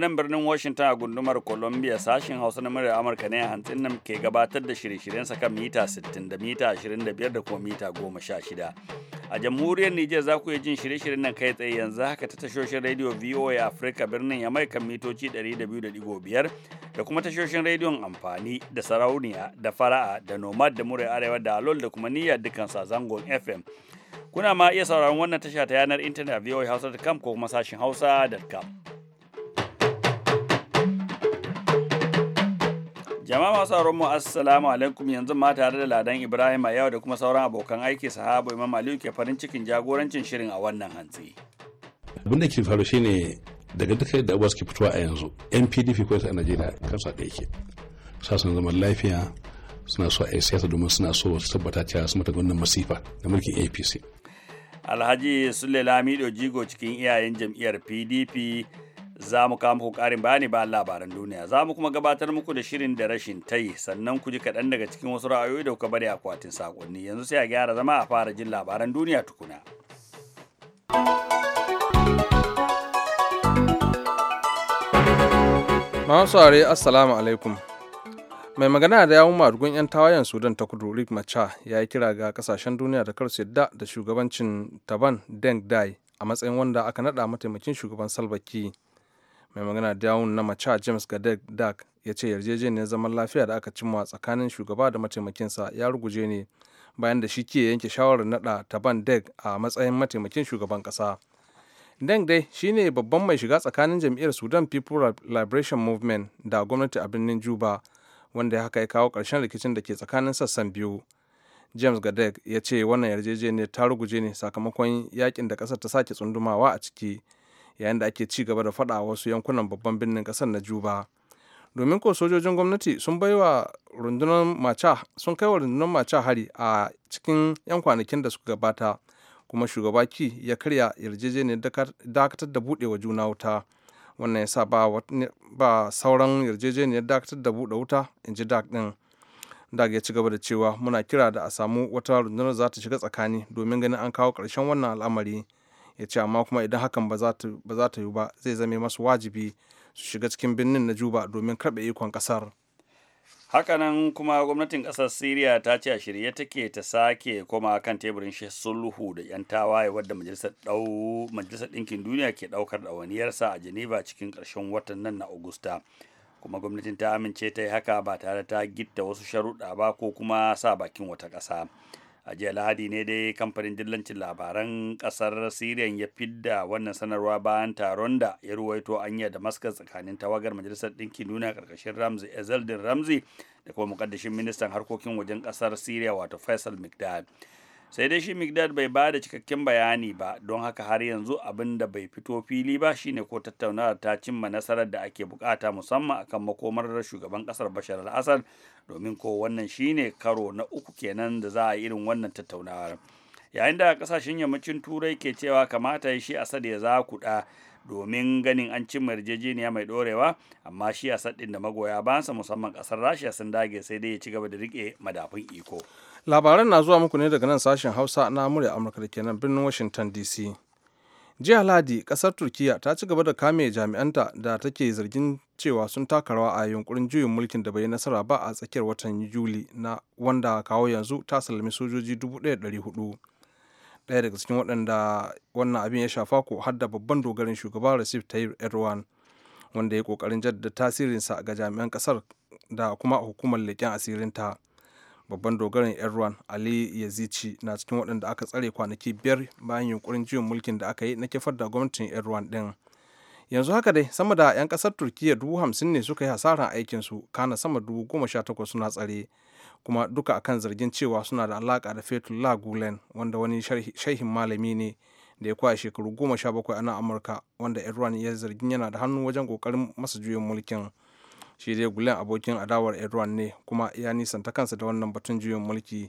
daga birnin washington a gundumar columbia sashen hausa na muryar amurka ne a nan ke gabatar da shirye sa kan mita 60 da mita 25 da kuma mita 16 a jamhuriyar niger za ku iya jin shirye-shiryen nan kai tsaye yanzu haka ta tashoshin rediyo voa africa birnin ya mai kan mitoci 200.5 da kuma tashoshin rediyon amfani da sarauniya da fara'a da nomad da mura arewa da alol da kuma niyyar dukansa zangon fm kuna ma iya sauraron wannan tasha ta yanar intanet a hausa.com ko kuma sashen hausa.com Jama'a masu sauran mu assalamu alaikum yanzu ma tare da Ladan Ibrahim a yau da kuma sauran abokan aiki sahabo Imam Aliyu ke farin cikin jagorancin shirin a wannan hantsi. Abin ke faru ne daga duka da abuwa suke fitowa a yanzu NPDP ko a Najeriya sa ɗaya ke. Sasan zama lafiya suna so a yi siyasa domin suna so su tabbata cewa su mata gwamnan masifa da mulkin APC. Alhaji Sule Lamido Jigo cikin iyayen jam'iyyar PDP za mu kawo muku karin bayani bayan labaran duniya za mu kuma gabatar muku da shirin da rashin tai sannan ku ji kaɗan daga cikin wasu ra'ayoyi da kuka bari akwatin saƙonni yanzu sai a gyara zama a fara jin labaran duniya tukuna. Masu are assalamu alaikum. Mai magana da yawun madugun 'yan tawayen Sudan ta kudu Rick Macha ya yi kira ga kasashen duniya da kar su yadda da shugabancin Taban Deng Dai a matsayin wanda aka nada mataimakin shugaban salbaki mai magana da yawun na macha james gadek dak ya ce yarjejeniyar zaman lafiya da aka cimma tsakanin shugaba da mataimakinsa ya ruguje ne bayan da shi ke yanke shawarar nada ta taban deg a matsayin mataimakin shugaban kasa deng dai shine babban mai shiga tsakanin jam'iyyar sudan people liberation movement da gwamnati a birnin juba wanda ya haka ya kawo ƙarshen rikicin da ke tsakanin sassan biyu james gadek ya ce wannan yarjejeniyar ta ruguje ne sakamakon yakin da ƙasar ta sake tsundumawa a ciki yayin da ake ci gaba da faɗa wasu yankunan babban birnin ƙasar na juba domin ko sojojin gwamnati sun wa rundunar maca sun kai wa rundunar macha hari a cikin 'yan kwanakin da suka gabata kuma shugaba ki ya karya yarjejeniyar dakatar da buɗewa juna wuta wannan ya sa ba sauran yarjejeniyar dakatar da buɗe wuta in ji dak ɗin dag ya ci gaba da cewa muna kira da a samu wata rundunar za ta shiga tsakani domin ganin an kawo ƙarshen wannan al'amari ya ce amma kuma idan hakan ba za ta yi ba zai zame masu wajibi su shiga cikin birnin na juba domin karɓe ikon ƙasar hakanan kuma gwamnatin ƙasar syria ta ce a shirye take ta sake koma kan teburin sulhu da 'yan tawaye wadda majalisar ɗinkin duniya ke ɗaukar ɗawaniyarsa a geneva cikin ƙarshen watan nan na augusta kuma gwamnatin ta amince ta yi haka ba tare ta gitta wasu sharuɗa ba ko kuma sa bakin wata ƙasa a jiya lahadi ne dai kamfanin dillancin labaran kasar siriya ya fidda wannan sanarwa bayan taron da ya ruwaito anya maskar tsakanin tawagar majalisar ɗinkin duniya karkashin ramzi ezeldin ramzi da kuma mukaddashin ministan harkokin wajen kasar siriya wato faisal mcdad sai dai shi migdad bai ba da cikakken bayani ba don haka har yanzu abin da bai fito fili ba shine ko tattaunawar ta cimma nasarar da ake bukata musamman akan makomar shugaban kasar bashar al-assad domin ko wannan shine karo na uku kenan da za a yi irin wannan tattaunawar yayin da kasashen yammacin turai ke cewa kamata shi asad ya za kuɗa domin ganin an cimma yarjejeniya mai dorewa amma shi asad ɗin da magoya basa musamman ƙasar rasha sun dage sai dai ya ci gaba da riƙe madafun iko labaran na zuwa muku ne daga nan sashen hausa na murya amurka da kenan birnin washington dc jiya ladi kasar turkiya ta ci gaba da kame jami'anta da take zargin cewa sun taka rawa a yunkurin juyin mulkin da bai nasara ba a tsakiyar watan yuli na wanda kawo yanzu ta sallami sojoji 1400 ɗaya daga cikin waɗanda wannan abin ya shafa ko har da babban dogarin shugaba recep tayyip erdogan wanda ya kokarin jaddada tasirinsa ga jami'an kasar da kuma hukumar leƙen asirinta babban dogaran erdogan ali yazici na cikin waɗanda aka tsare kwanaki biyar bayan yunkurin juyin mulkin da aka yi na kifar da gwamnatin erdogan ɗin yanzu haka dai sama da 'yan kasar turkiyya dubu hamsin ne suka yi hasaran aikinsu kana sama dubu goma sha takwas suna tsare kuma duka akan zargin cewa suna da alaka da fetullah gulen wanda wani shaihin malami ne da ya kwaya shekaru goma sha bakwai a amurka wanda erdogan ya zargin yana da hannu wajen kokarin masa juyin mulkin shi dai gulen abokin adawar erdogan ne kuma ya nisanta kansa da wannan batun juyin mulki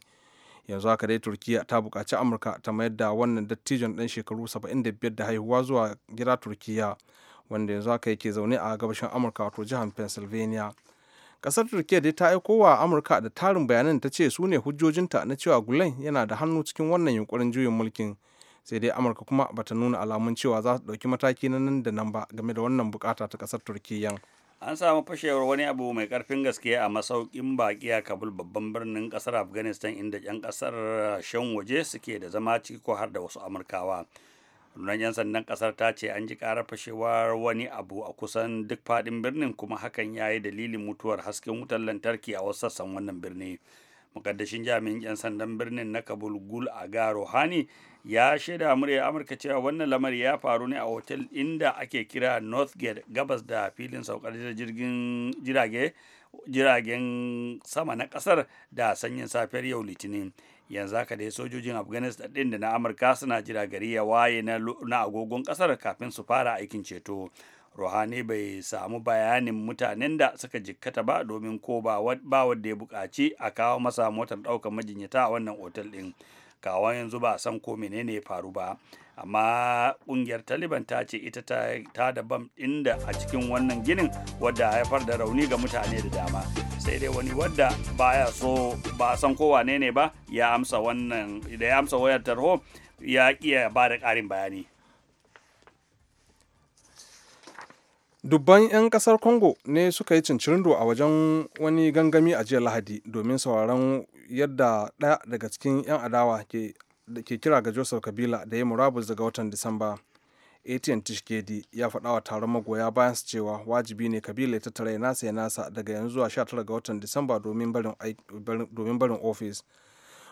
yanzu haka dai turkiya ta buƙaci amurka ta mayar da wannan dattijon dan shekaru 75 da haihuwa zuwa gida turkiya wanda yanzu haka yake zaune a gabashin amurka wato jihar pennsylvania ƙasar turkiya dai ta aiko wa amurka da tarin bayanan ta ce su ne hujjojinta na cewa gulen yana da hannu cikin wannan yunkurin juyin mulkin sai dai amurka kuma bata nuna alamun cewa za su ɗauki mataki na nan da nan ba game da wannan bukata ta ƙasar turkiyyan an samu fashewar wani abu mai karfin gaske a masaukin baki a kabul babban birnin kasar afghanistan inda 'yan kasar shan waje suke da zama ciki ko har da wasu amurkawa rundunar 'yan sandan kasar ta ce an ji kara fashewar wani abu a kusan duk fadin birnin kuma hakan ya yi dalilin mutuwar hasken wutar lantarki a wasu sassan wannan birni mukaddashin jami'in 'yan sandan birnin na kabul gul aga rohani ya shaida murya amurka cewa wannan lamari ya faru ne a otel inda ake kira northgate gabas da filin saukar jirgin jirage jiragen sama na kasar da sanyin safiyar yau litinin yanzu haka dai sojojin afghanistan din da na amurka suna jira ya waye na agogon kasar kafin su fara aikin ceto ruhani bai samu bayanin mutanen da suka jikkata ba domin ko ba wadda ya buƙaci a kawo masa motar ɗaukar majinyata a wannan otal ɗin kawo yanzu ba san ko menene ya faru ba amma ƙungiyar taliban ta ce ita ta da bam ɗin a cikin wannan ginin wadda haifar da rauni ga mutane da dama sai dai wani wadda baya so ba san ko wane ne ba ya amsa wannan da ya amsa wayar tarho ya iya ba da ƙarin bayani Dubban 'yan kasar Congo ne suka yi cincirindo a wajen wani gangami a jiya Lahadi domin sauraron yadda ɗaya daga cikin 'yan adawa ke kira ga Joseph Kabila da ya murabus daga watan Disamba. ATN Tishkedi ya faɗa wa taron magoya bayan su cewa wajibi ne Kabila ya tattara ya nasa ya nasa daga yanzu zuwa 19 ga watan Disamba domin barin ofis.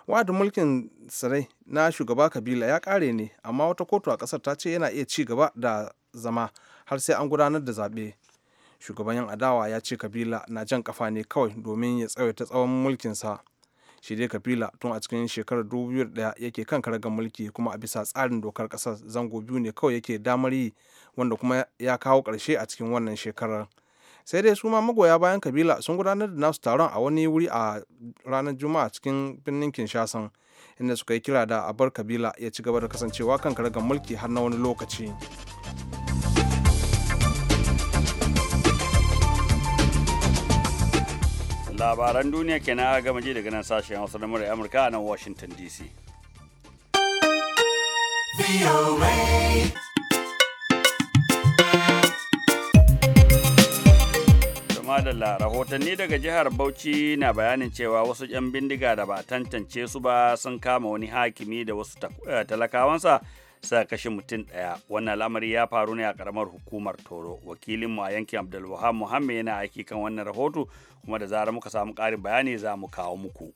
Wa'adin mulkin sarai na shugaba Kabila ya ƙare ne, amma wata kotu a ƙasar ta ce yana iya ci gaba da zama har sai an gudanar da zaɓe shugaban yan adawa ya ce kabila na jan kafa ne kawai domin ya tsawaita tsawon mulkinsa shi dai kabila tun a cikin shekarar 2001 yake kan karagar mulki kuma a bisa tsarin dokar kasar zango biyu ne kawai yake damar yi wanda kuma ya kawo ƙarshe a cikin wannan shekarar sai dai su ma magoya bayan kabila sun gudanar da nasu taron a wani wuri a ranar juma'a cikin birnin kinshasan inda suka yi kira da a bar kabila ya ci gaba da kasancewa kan karagar mulki har na wani lokaci. labaran duniya kenan gama ji daga nan sashen hausa na murai amurka a nan washington dc madalla rahotanni daga jihar bauchi na bayanin cewa wasu 'yan bindiga da ba tantance su ba sun kama wani hakimi da wasu eh, talakawansa sa kashe mutum daya wannan lamari ya faru ne a karamar hukumar toro wakilinmu a yankin abdulwahab muhammed yana aiki kan wannan rahoto kuma da zarar muka samu karin bayani za mu kawo muku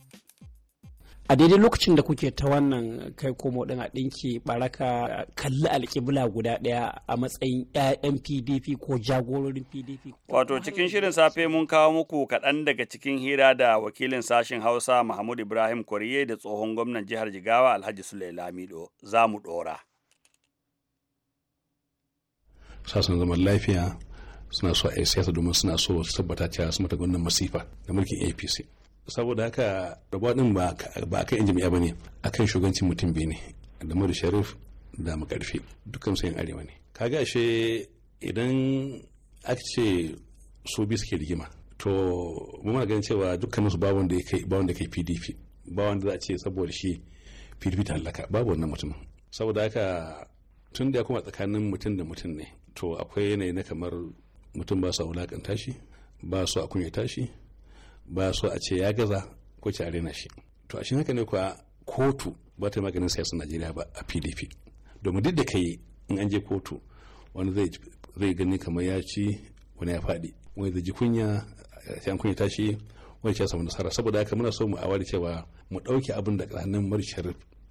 a daidai lokacin da kuke ta wannan kai komo din a dinki baraka kalli alkibla guda ɗaya a matsayin 'ya'yan pdp ko jagororin pdp wato cikin shirin safe mun kawo muku kaɗan daga cikin hira da wakilin sashen hausa mahmud ibrahim koriye da tsohon gwamnan jihar jigawa alhaji sulai lamido za mu ɗora suna zaman lafiya suna so a yi siyasa domin suna so su tabbata cewa su mata gwamnan masifa da mulkin apc saboda haka rabuwa din ba a kan jami'a ba ne a kan shugancin mutum biyu ne da madu sharif da makarfi dukkan sayan arewa ne ka gashe idan aka ce su biyu suke rigima to mu ma ganin cewa dukkan su babu wanda kai kai pdp ba wanda za a ce saboda shi pdp ta halaka babu wannan mutumin saboda haka tun da ya kuma tsakanin mutum da mutum ne to akwai yanayi na kamar mutum ba su wulakanta shi ba su a kunyata shi ba su a ce ya gaza ko ce a rena shi to a shi haka ne kuwa kotu ba ta maganin siyasar najeriya ba a pdp domin duk da kai in an je kotu wani zai gani kamar ya ci wani ya faɗi wani zai ji kunya a an kunya tashi wani ya samu nasara saboda haka muna so mu awari cewa mu ɗauke abin da hannun mari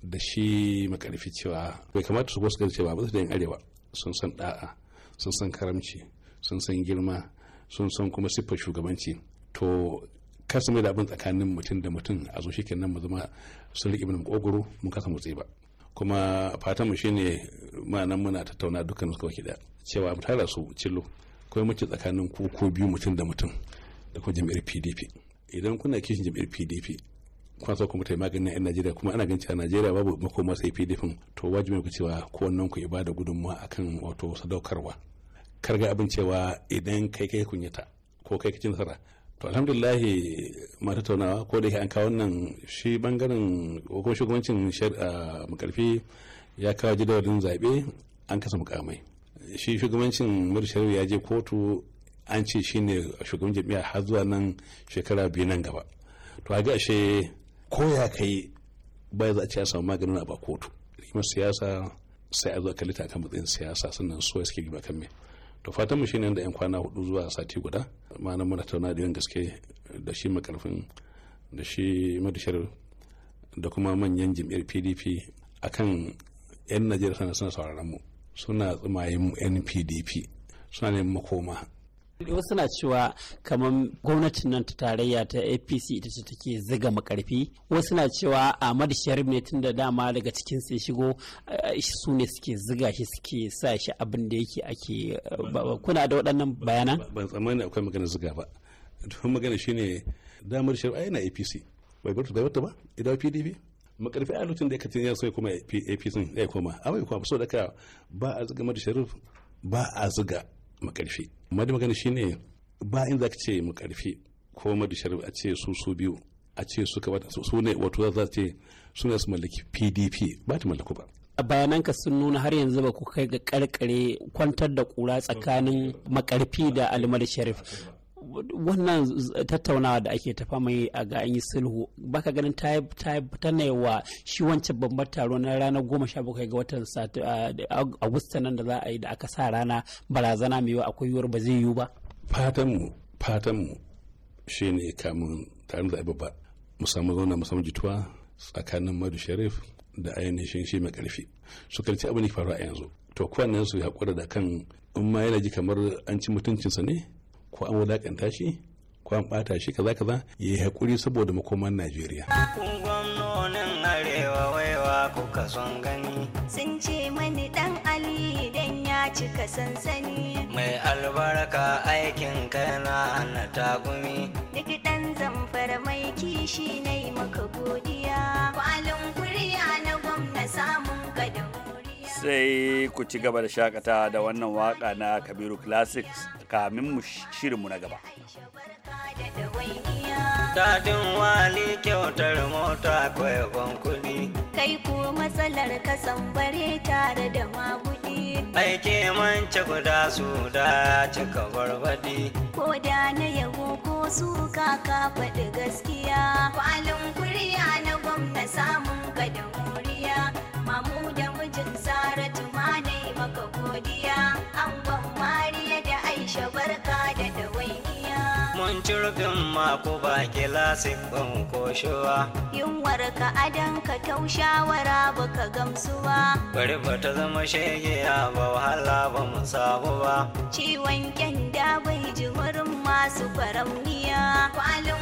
da shi makarfi cewa bai kamata su ko gani cewa ba su da yin arewa sun san da'a sun san karamci sun san girma sun san kuma siffar shugabanci to kasa mai da abin tsakanin mutum da mutum a zo shi kenan mu zama sun riƙe mu kogoro mun kasa mutse ba kuma fatan mu shine ma'anan muna tattauna dukkan su kawai kiɗa cewa mu tara su cillo kawai ci tsakanin ku ko biyu mutum da mutum da kuma jam'iyyar PDP idan kuna kishin jam'iyyar PDP kuma sau kuma ta yi maganin 'yan najeriya kuma ana ganin a najeriya babu makoma sai pdp to wajibi ku cewa wannan ku ibada gudunmawa akan wato sadaukarwa karga abin cewa idan kai kai kunyata ko kai kacin nasara to alhamdulillah mata tattaunawa ko da yake an kawo wannan shi bangaren ko shugabancin shari'a ah, makarfi ya kawo jadawalin zaɓe an kasa mukamai shi shugabancin murshari ya je kotu an ce shi ne shugaban jami'a har zuwa nan shekara biyu nan gaba to a ashe ko ya kai bai za a ce a samu maganin a ba kotu rikimar siyasa sai a zo kalli ta kan matsayin siyasa sannan so suke gaba kan me to fatan mu shine da yan kwana hudu zuwa sati guda ma'ana muna tauna da yan gaske da shi makarfin da shi madashar da kuma manyan jam'iyyar pdp akan yan najeriya sana suna sauraron mu suna tsumayen mu npdp suna neman makoma wasu suna cewa kamar gwamnatin nan ta tarayya ta apc ita ce take ziga makarfi wasu suna cewa ahmad sharif ne tun da dama daga cikin sai shigo eh, su ne suke ziga shi suke sa shi abin da yake ake eh, kuna da waɗannan bayanan ban tsammani akwai magana ziga ba don magana shine damar sharif ai na apc bai bar bai ba idan pdp makarfi a lokacin da ya katin ya so ya koma apc ya koma amma ya koma so da ka ba a ziga madu sharif ba a ziga makarfi madu da magana shine ba in ka ce mu karfi ko madu a ce su su biyu a ce suka ka su ne wato za ce su ne su mallaki pdp ba ta mallaku ba a bayanan ka sun nuna har yanzu ba ku kai ga karkare kwantar da kura tsakanin makarfi da almar sharif wannan tattaunawa da ake tafa mai a ga an yi sulhu baka ganin ta ne wa shi wancan babban taro na ranar goma sha bakwai ga watan agusta nan da za a yi da aka sa rana barazana mai yawa akwai yiwuwar ba zai yiwu ba fatanmu fatanmu shi ne kamun taron da babba mu samu zauna mu jituwa tsakanin madu sharif da ainihin shi mai karfi su karci abin da faru a yanzu to kowannen su ya hakura da kan in ma yana ji kamar an ci mutuncinsa ne ko an wulakanta shi ko an bata shi kaza kaza yayi hakuri saboda makoman Najeriya gwamnonin arewa waiwa kuka son gani sun ce mani dan Ali dan ya cika sansani mai albarka aikin kana na tagumi duk dan zamfara mai kishi ne maka godiya kwalin kuriya na gwamna samun gadamuriya sai ku ci gaba da shakata da wannan waka na Kabiru Classics kamin mu shirinmu na gaba. Dadin wali kyautar mota kwaya kuɗi. Kai ko matsalar ka sambare tare da maguɗi. Aike manci guda su da cika barbaɗi. Ko da na yabo ko su kaka faɗi gaskiya. Kwalin kuriya na gwamna samun wuri jirgin mako ba kilasik ɗin koshuwa. Yunwar ka adan ka taushawara ba ka gamsuwa. Bari ba ta zama ya ba wahala ba mu samu ba. Ciwon kyanda bai ji wurin masu faramniya. Kwalin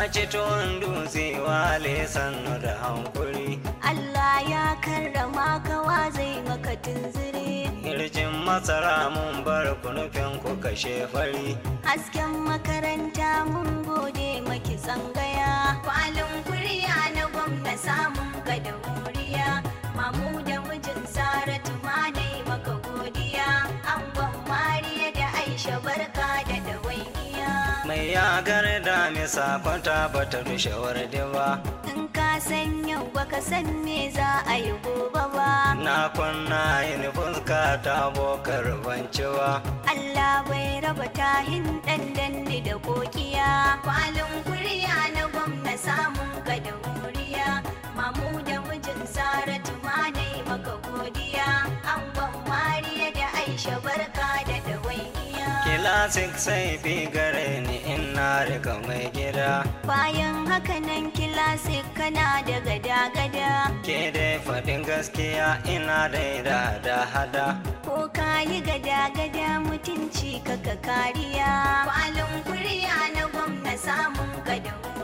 ka ci tuwon dutse wale sannu da hankuri Allah ya karrama kawa zai maka tunzuri. Irjin masara mun bar kunufin ku kashe fari Hasken makaranta mun gode maki tsangaya Kwalin kuriya na gwamna samun wuri Magar da mai safata ba ta rushe wardi ba. In ka san yau ba ka san me za a yi gobe ba. Na kunna yin fuska ta bokar ba Allah bai raba tahin ɗan da kokiya. Kwalin classic sai gare ni ina riga mai gida bayan hakanan kilasik kana da gada-gada ke dai faɗin gaskiya ina da da hada ko ka yi gada-gada mutunci ka ka kariya kwalin kuriya na gwamna samun gadon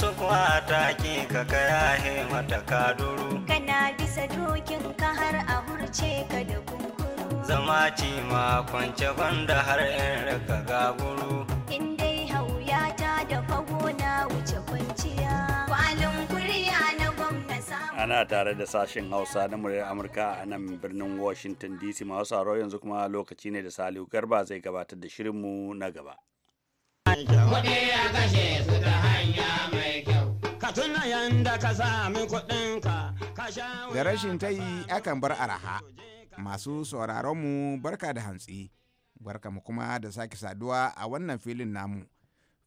su a taki ka kaya mata duru. kana bisa dokin ka har a hurce ka da kunkuru zama ci ma kwance banda har in raka gaburu in dai hauyata da fago na wuce kwanciya kwalin kurya na gwamna samu. ana tare da sashen hausa na muryar amurka a nan birnin washington dc masu tsaro yanzu kuma lokaci ne da salihu garba zai gabatar da shirinmu na gaba. Kuɗi a kashe su ta hanya mai tuna yanda ka sami kuɗinka Da rashin ta yi akan bar araha. Masu sauraronmu barka da hantsi. Barka mu kuma da sake saduwa a wannan filin namu.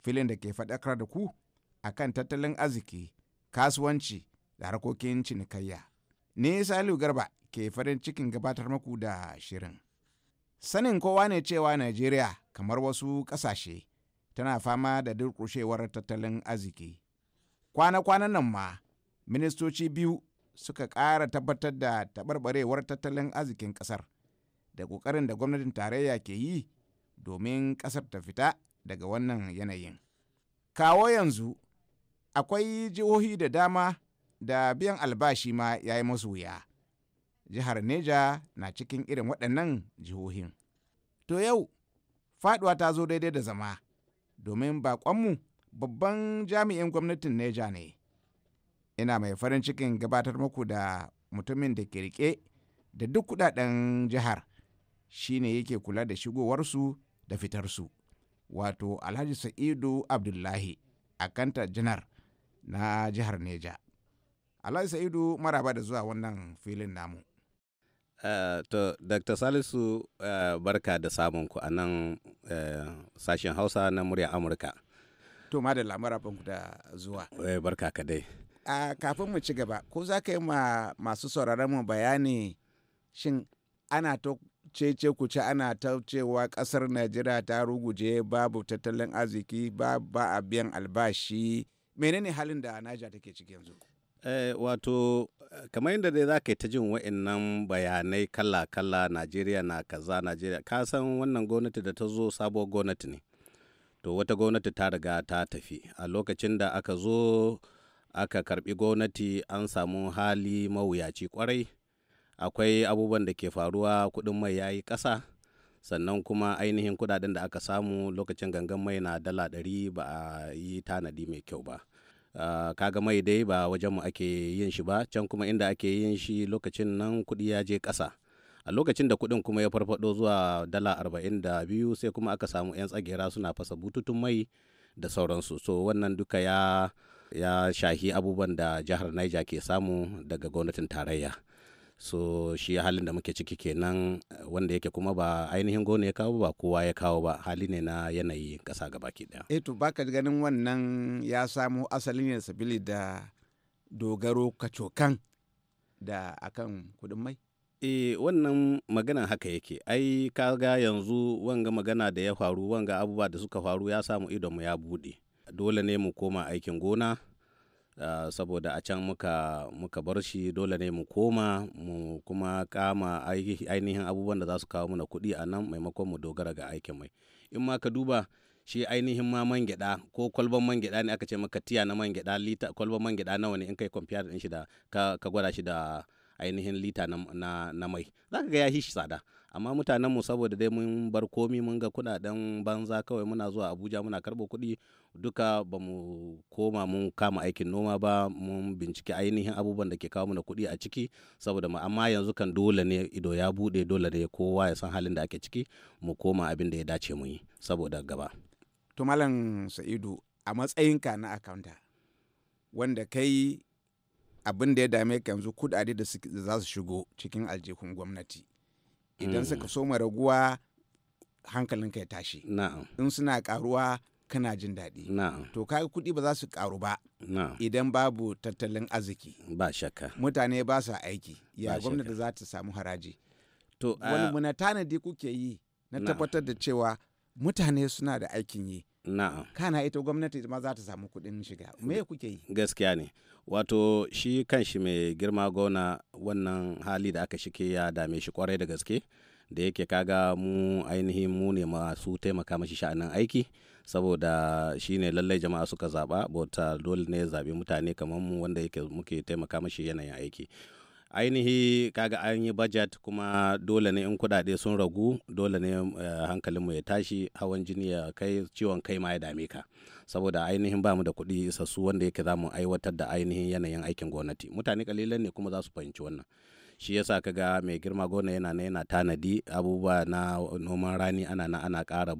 Filin da ke faɗakar da ku akan tattalin arziki, kasuwanci da harkokin cinikayya. ne Salihu Garba ke farin cikin gabatar muku da shirin. Sanin kowa ne cewa Najeriya kamar wasu ƙasashe tana fama da durƙushewar tattalin arziki. kwana-kwanan nan ma ministoci biyu suka ƙara tabbatar da tabarbarewar tattalin arzikin ƙasar da ƙoƙarin da gwamnatin tarayya ke yi domin ƙasar ta fita daga wannan yanayin kawo yanzu akwai jihohi da dama da biyan albashi ma ya yi masu wuya jihar neja na cikin irin waɗannan jihohin to yau faduwa ta zo daidai da zama domin baƙonmu babban jami'in gwamnatin neja ne ina mai farin cikin gabatar muku da mutumin da ke rike da duk kudaden jihar shine yake kula da shigowarsu da fitarsu wato alhaji sa'idu abdullahi akanta janar na jihar neja alhaji sa'idu maraba da zuwa wannan filin namu Uh, to dr salisu uh, barka da samunku a nan uh, sashen hausa na murya amurka to ma da lamara da zuwa eh, barka ka dai kafin mu ci gaba ko za ka yi ma masu sauraron mu bayani shin ana ta cece ku ce ana ta cewa kasar najeriya ta ruguje babu tattalin arziki ba a biyan albashi menene halin da naja take ciki yanzu eh, wato kamar yadda dai za ka yi ta jin wa'annan bayanai kala-kala najeriya na kaza najeriya ka san wannan gwamnati da ta zo sabuwar gwamnati ne to wata gwamnati ta riga ta tafi a lokacin da aka zo aka karbi gwamnati an samu hali mawuyaci kwarai akwai abubuwan da ke faruwa kudin mai yayi kasa sannan kuma ainihin kudaden da aka samu lokacin gangan mai na dala ɗari ba a yi tanadi mai kyau ba Uh, kaga mai dai ba wajenmu mu ake yin shi ba can kuma inda ake yin shi lokacin nan kudi ya je ƙasa a lokacin da kuɗin kuma ya farfado zuwa dala arba'in da biyu sai kuma aka samu 'yan tsagera suna fasa bututun mai da sauransu so wannan duka ya ya shahi abubuwan da jihar niger ke samu daga gwamnatin tarayya so shi halin da muke ciki kenan wanda yake kuma ba ainihin gona ya kawo ba kowa ya kawo ba hali ne na yanayi kasa gabaki daya e eh to baka ganin wannan ya samu asali ne sabili da dogaro kacokan da akan kudin mai E wannan magana haka yake, ai ka ga yanzu wanga magana da ya faru wanga abubuwa da suka faru ya samu idonmu ya buɗe. Dole ne mu koma aikin gona, uh, saboda a can muka, muka bar shi dole ne mu koma mu kuma kama ainihin abubuwan da za su kawo mana kuɗi a nan maimakon mu dogara ga aikin mai. In ma ka duba shi ainihin ma man gyada ko kwalban man gyada ne aka ce maka tiya na man gyada lita kwalban man gyada nawa ne in kai kwamfiya da shi da ka gwada shi da ainihin lita na, na mai za ka ga ya shi tsada amma mutanen mu saboda dai mun bar komi mun ga kudaden banza kawai muna zuwa abuja muna karɓo kuɗi duka ba mu koma mun kama aikin noma ba mun bincike ainihin abubuwan da ke kawo mana kuɗi a ciki saboda ma amma yanzu kan dole ne ido ya buɗe dole ne kowa ya san halin da ake ciki mu koma abin da ya dace mu yi saboda gaba to malam sa'idu a matsayinka na akawunta wanda kai abin da ya dame ka yanzu kudade da za su shigo cikin aljihun gwamnati idan suka mm. soma raguwa hankalinka ya tashi in suna karuwa kana jin daɗi to kaga kuɗi ba za su karu ba idan babu tattalin arziki ba shakka mutane ba su aiki ya gwamnati za ta samu haraji to wani muna tanadi kuke yi na tabbatar da cewa mutane suna da aikin yi na'am kana ita gwamnati ma za ta samu kuɗin shiga me kuke yi gaskiya ne wato shi kan shi mai girma gona wannan hali da aka shike ya dame shi kwarai da gaske da yake kaga mu ainihin mu ne masu taimaka mashi sha'anin aiki saboda shi ne lallai jama'a suka zaɓa bauta dole ne zaɓi mutane kamar mu wanda yake muke taimaka mashi yanayin aiki ainihi kaga an yi budget kuma dole ne in kudade sun ragu dole ne eh, hankalinmu ya tashi hawan jini ya kai ciwon kai ma ya dame ka saboda ainihin bamu da kuɗi isassu wanda yake za mu aiwatar da ainihin yanayin aikin gwamnati mutane kalilan ne kuma za su fahimci wannan shi yasa ka ga mai girma gona yana na yana tanadi abubuwa na noman rani ana na ana ƙara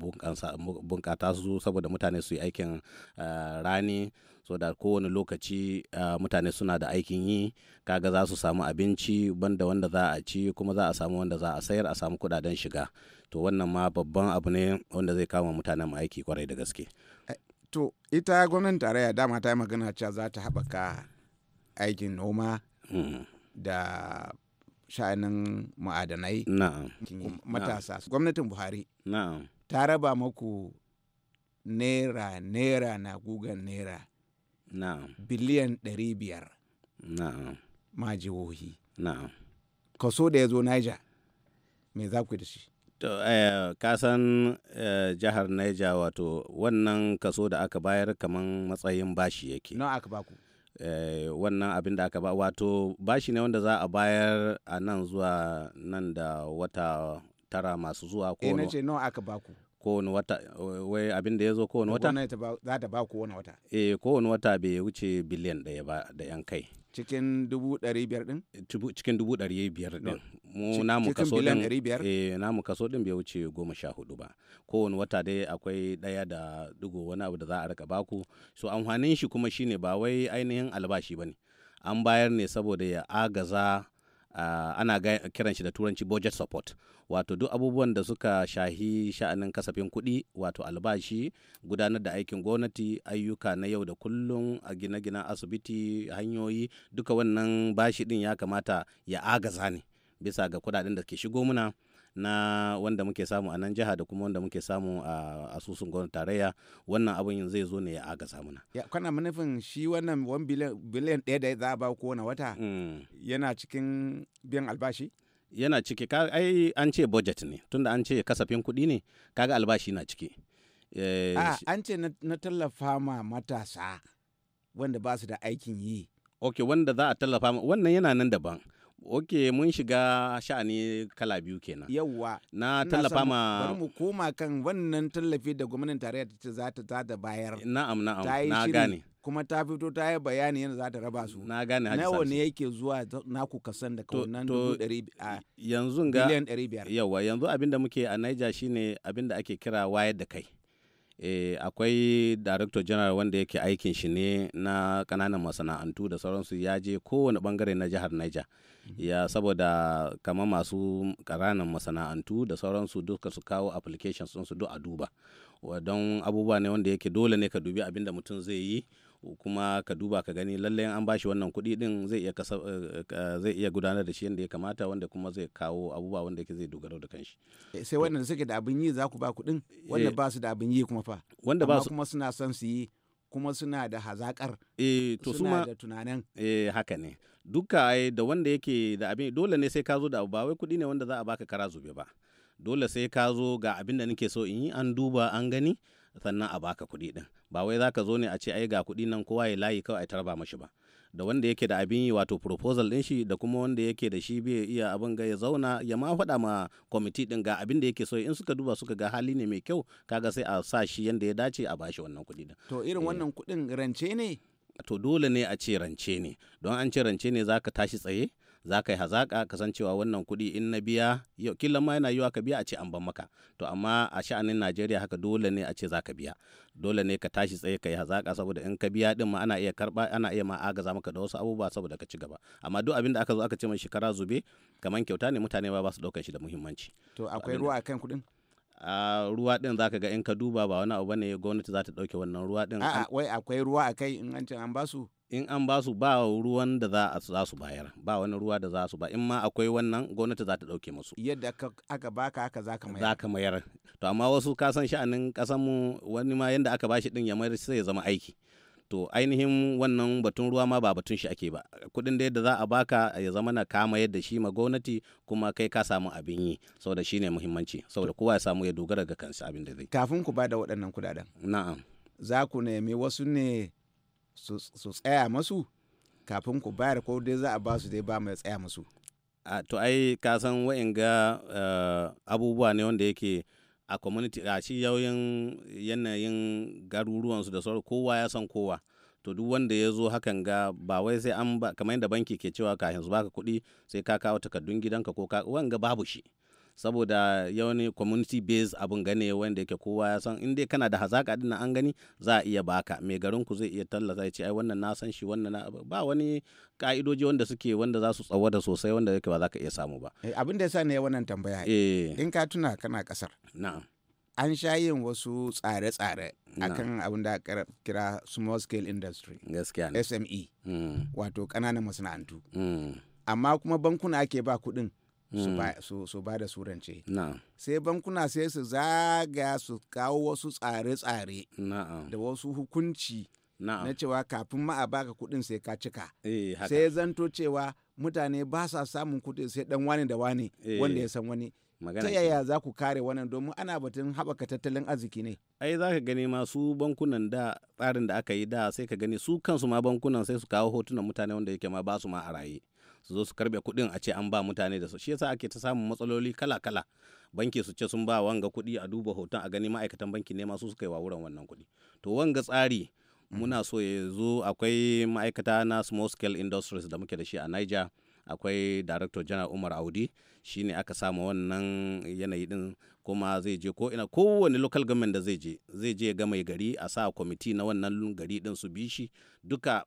bunƙasa su saboda mutane su yi aikin eh, rani so da kowane lokaci mutane suna da aikin yi kaga za su samu abinci banda wanda za a ci kuma za a samu wanda za a sayar a samu kudaden shiga to wannan ma babban abu ne wanda zai kama mutanen aiki kwarai da gaske eh, to ita gwamnan tarayya dama ta yi magana cewa za ta haɓaka aikin noma mm. da sha'anin ma'adanai matasa gwamnatin buhari ta raba maku naira naira na gugan naira biliyan ɗari biyar ma jihohi kaso da ya zo niger me za ku da shi To, eh, kasan eh, jihar Niger wato wannan kaso da aka bayar kaman matsayin bashi yake. Na aka baku. Eh, wannan abin da aka ba wato bashi ne wanda za a bayar a nan zuwa nan da wata tara masu zuwa ko. Eh, ne ce nawa aka aka baku. kowane wata wai abin da ya zo kowane wata za ta ba kowane wata e kowane wata bai wuce biliyan ɗaya ba da yan kai cikin dubu ɗari biyar ɗin cikin dubu ɗari biyar ɗin mu namu kaso ɗin e namu kaso ɗin bai wuce goma sha hudu ba kowane wata dai akwai ɗaya da dugo wani abu da za a rika baku so amfanin shi kuma shine ba wai ainihin albashi ba ne an bayar ne saboda ya agaza Ah, ana kiran shi da turanci budget support wato duk abubuwan da suka shahi sha'anin kasafin kuɗi wato albashi gudanar da aikin gwamnati ayyuka na yau da kullum a gine-ginen asibiti hanyoyi duka wannan bashi din ya kamata ya agaza ne bisa ga kudaden da ke shigo muna na wanda muke samu a nan jiha da kuma wanda muke samu a asusun gwamnati tarayya wannan abin zai zo ne ya samu na. ya kana manufin shi wannan wani biliyan ɗaya da za a ba kowane wata mm. yana cikin biyan albashi yana ciki ai an ce budget ne tunda an ce kasafin kuɗi ne kaga albashi na ciki eh, an ce na tallafa ma matasa wanda ba su da aikin yi ok wanda za a tallafa wannan yana nan daban ok mun shiga sha'ani kala biyu kenan yawwa na tallafa ma bari mu koma kan wannan tallafi da gwamnatin tarayya ta ce za ta ta bayar na'am na'am na na gane kuma ta fito ta yi bayani yadda za ta raba su na gane hajji nawa ne yake zuwa naku kasan da kawunan yanzu ga miliyan 500 yawa yanzu abinda muke a Niger shine abinda ake kira wayar da kai eh, akwai director general wanda yake aikin shi ne na kananan masana'antu da sauransu ya je kowane bangare na jihar niger mhm. ya saboda kama masu kananan masana'antu da sauransu duka su kawo applications sun su duk a duba don abubuwa ne wanda yake dole ne ka dubi abinda mutum zai yi kuma ka duba ka gani lallai an bashi wannan kuɗi din zai iya eh, eh, zai iya gudanar da shi yadda ya kamata wanda kuma zai kawo abubuwa wanda yake zai dogaro da kanshi eh, sai wanda suke da abin yi za ku ba kuɗin wanda ba su da abin yi kuma fa wanda ba su kuma suna son su yi kuma suna da hazakar to suna da tunanin eh haka ne duka da wanda yake da abin dole ne sai ka zo da abu ba wai kuɗi ne wanda za a baka kara zube ba dole sai ka zo ga abin da nake so in yi an duba an gani sannan a baka kuɗi din ba wai za ka zo ne a ce ai ga kuɗi nan kowa ya layi kawai a tarba mashi ba da wanda yake da abin yi wato proposal din shi da kuma wanda yake da shi bai iya abin ga ya zauna ya ma faɗa ma kwamiti din ga abin da yake so in suka duba suka ga hali ne mai kyau kaga sai a sa shi yanda ya dace a bashi wannan kuɗi din to irin eh. wannan kuɗin rance ne. to dole ne a ce rance ne don an ce rance ne zaka tashi tsaye za ka yi hazaƙa ka san cewa wannan kuɗi in na biya yau kila ma yana yiwa ka biya a ce an ban maka to amma a sha'anin najeriya haka dole ne a ce za ka biya dole ne ka tashi tsaye ka yi hazaƙa saboda in ka biya din ma ana iya karɓa ana iya ma agaza maka da wasu abubuwa saboda ka ci gaba amma duk abin da aka zo aka ce mai shekara zube kamar kyauta ne mutane ba ba su ɗaukar shi da muhimmanci to akwai ruwa akan kuɗin a ruwa din zaka ga in ka duba ba wani abu bane gwamnati za ta dauke wannan ruwa din a'a wai akwai ruwa a kai in an ce an basu in an ba su ba ruwan da za su bayar ba wani ruwa da za su ba in ma akwai wannan gwamnati za ta dauke musu yadda aka baka haka za ka mayar za ka mayar to amma wasu ka san sha'anin mu wani ma yadda aka bashi din ya mayar sai ya zama aiki to ainihin wannan batun ruwa ma ba batun shi ake ba kuɗin da yadda za a baka ya zama na kama yadda shi ma gwamnati kuma kai ka samu abin yi saboda shine muhimmanci saboda kowa ya samu ya dogara ga kansa abin da zai kafin ku ba da waɗannan kudaden na'am za ku nemi wasu ne su tsaya masu kafin ku bayar ko dai za a ba su dai ba mai tsaya masu a to ai ka san ga eh, abubuwa ne wanda yake a community a shi yauyin yanayin garuruwansu da sauran kowa ya san kowa to duk wanda ya zo hakan ga ba wai sai an ba kamar yadda banki ke cewa kafin su baka kuɗi sai ka kawo takardun gidanka ko ka wanga babu shi saboda yawani community based abun gane wanda yake kowa ya san in dai kana da hazaka din an gani za a iya baka mai garin ku zai iya tallata ya ce ai wannan na san shi wannan ba wani ka'idoji wanda suke wanda za su tsawada sosai wanda yake ba za ka iya samu ba eh, abin da yasa ne wannan tambaya eh. in ka tuna kana kasar na'am an sha yin wasu tsare-tsare akan abin da kira small scale industry SME e, hmm. wato ƙananan masana'antu hmm. amma kuma bankuna ake ba kuɗin Mm. su ba da surance sai bankuna sai su zaga su kawo wasu tsare-tsare da wasu hukunci na cewa kafin ma a baka kudin sai ka cika eh, sai zanto cewa mutane ba sa samun kudi sai dan wani da wani eh. wanda ya san wani ta yaya za ku kare wannan domin ana batun haɓaka tattalin arziki ne ai za ka gani masu bankunan da tsarin da aka yi da sai ka gani su kansu ma bankunan sai su kawo hotunan mutane wanda yake ma ba su ma a raye su zo su karbe kuɗin a ce an ba mutane da su shi yasa ake ta samun matsaloli kala-kala banki su ce sun ba wanga kuɗi a duba hoton a gani ma'aikatan banki ne masu suka yi wa wurin wannan kuɗi to wanga tsari mm. muna so ya zo akwai ma'aikata na small scale industries da muke da shi a niger akwai director general umar audi shi ne aka samu wannan yanayi din kuma zai je ko ina kowane local government da zai je zai je ga mai gari a sa kwamiti na wannan gari din su bi shi duka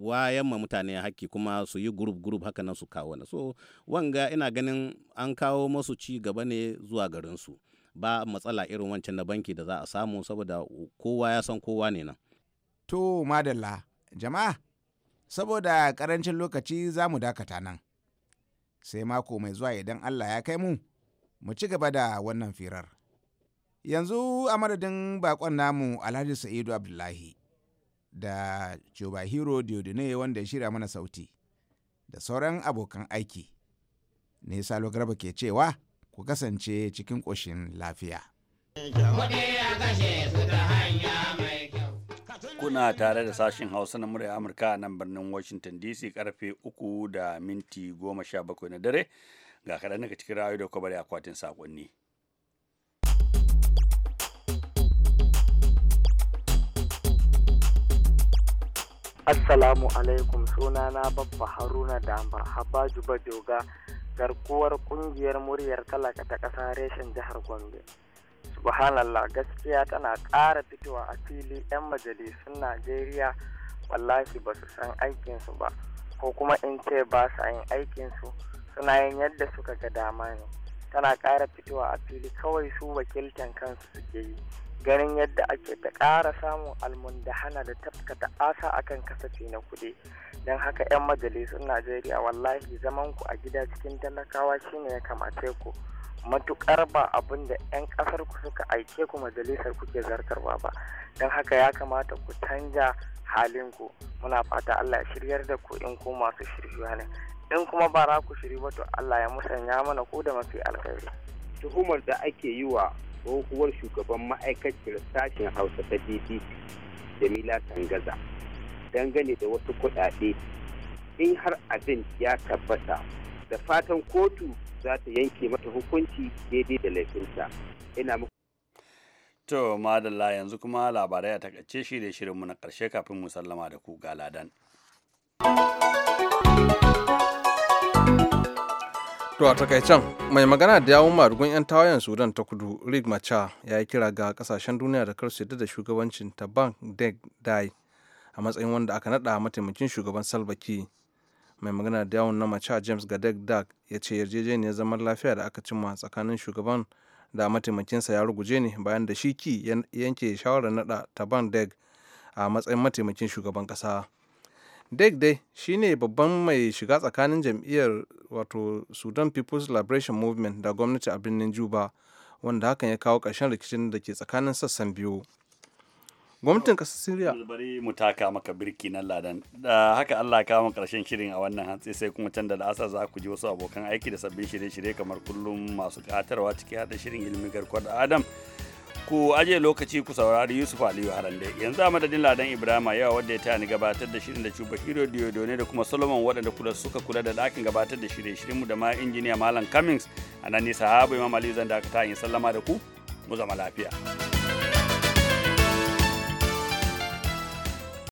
wayan ma mutane haƙƙi kuma su yi gurup gurup haka nan su kawo na so wanga ina ganin an kawo masu ci gaba ne zuwa garin su ba matsala irin wancan na banki da za a samu saboda kowa ya san kowa ne nan to madalla jama'a saboda ƙarancin lokaci za mu dakata nan sai mako mai zuwa idan allah ya kai mu mu ci gaba da wannan firar yanzu a madadin bakon namu alhaji sa'idu abdullahi da Chobahiro diodine wanda ya shirya mana sauti da sauran abokan aiki. Ne Salo Garba ke cewa ku kasance cikin ƙoshin lafiya. Kuɗi kashe kuna tare da sashen hausa na murya amurka a nan birnin washington dc karfe 3 da minti 17 na dare ga kaɗan daga cikin rayu da kwabar akwatin saƙonni assalamu alaikum suna na babba haruna da juba bajoga garkuwar kungiyar muryar talaka ta ƙasa reshen jihar gombe subhanallah gaskiya tana ƙara fitowa a fili 'yan majalisun najeriya wallahi ba su san aikinsu ba ko kuma in ce ba su yin aikinsu suna yin yadda suka ga dama ne tana ƙara fitowa a fili kawai su wakiltan kansu suke yi ganin yadda ake ta ƙara samun almundahana da tafkata asa akan kasafi na kuɗi don haka 'yan majalisun najeriya wallahi zaman ku a gida cikin talakawa shine ya kamace ku matuƙar ba abin da 'yan kasar ku suka aike ku majalisar kuke zartarwa ba don haka ya kamata ku canja ku muna fata allah ya shiryar da ku in ku masu shirya ne in kuma ba ra ku shiri ba to allah ya musanya mana ku da mafi alkhairi tuhumar da ake yi wa tsohuwar shugaban ma'aikaciyar sashen hausa ta bbc jamila tangaza dangane da wasu kuɗaɗe in har abin ya tabbata da fatan kotu za ta yanke mata hukunci daidai da laifinta ina muku to madalla yanzu kuma labarai a takaice shi da mu na karshe kafin mu sallama da ku ga ladan To a takaicen mai magana da yawun marugun 'yan tawayen Sudan ta kudu Rig Macha ya yi kira ga kasashen duniya da kar su yadda da shugabancin ta Bank Dai a matsayin wanda aka naɗa mataimakin shugaban salvaki mai magana da yawon na mace james gadek ya ce yarjejeniyar zama lafiya da aka cimma tsakanin shugaban da mataimakinsa ya ruguje ne bayan da shi ki yanke shawarar nada taban deg a matsayin mataimakin shugaban kasa deg dai shine babban mai shiga tsakanin jam'iyyar wato sudan people's liberation movement da gwamnati a birnin juba wanda hakan ya kawo ƙarshen rikicin da ke tsakanin sassan biyu gwamnatin kasar syria bari mu taka maka birki nan ladan haka allah kama karshen shirin a wannan hantsi sai kuma can da la'asar za ku ji wasu abokan aiki da sabbin shirye-shirye kamar kullum masu katarwa ciki hada shirin ilimin garkuwar adam ku aje lokaci ku saurari yusuf aliyu harande yanzu a madadin ladan ibrahima yawa wadda ya tani gabatar da shirin da cuba hiro diodone da kuma solomon waɗanda kula suka kula da ɗakin gabatar da shirye shirin mu da ma injiniya malam cummings a nan nisa habu imam aliyu zan da ta yin sallama da ku mu zama lafiya.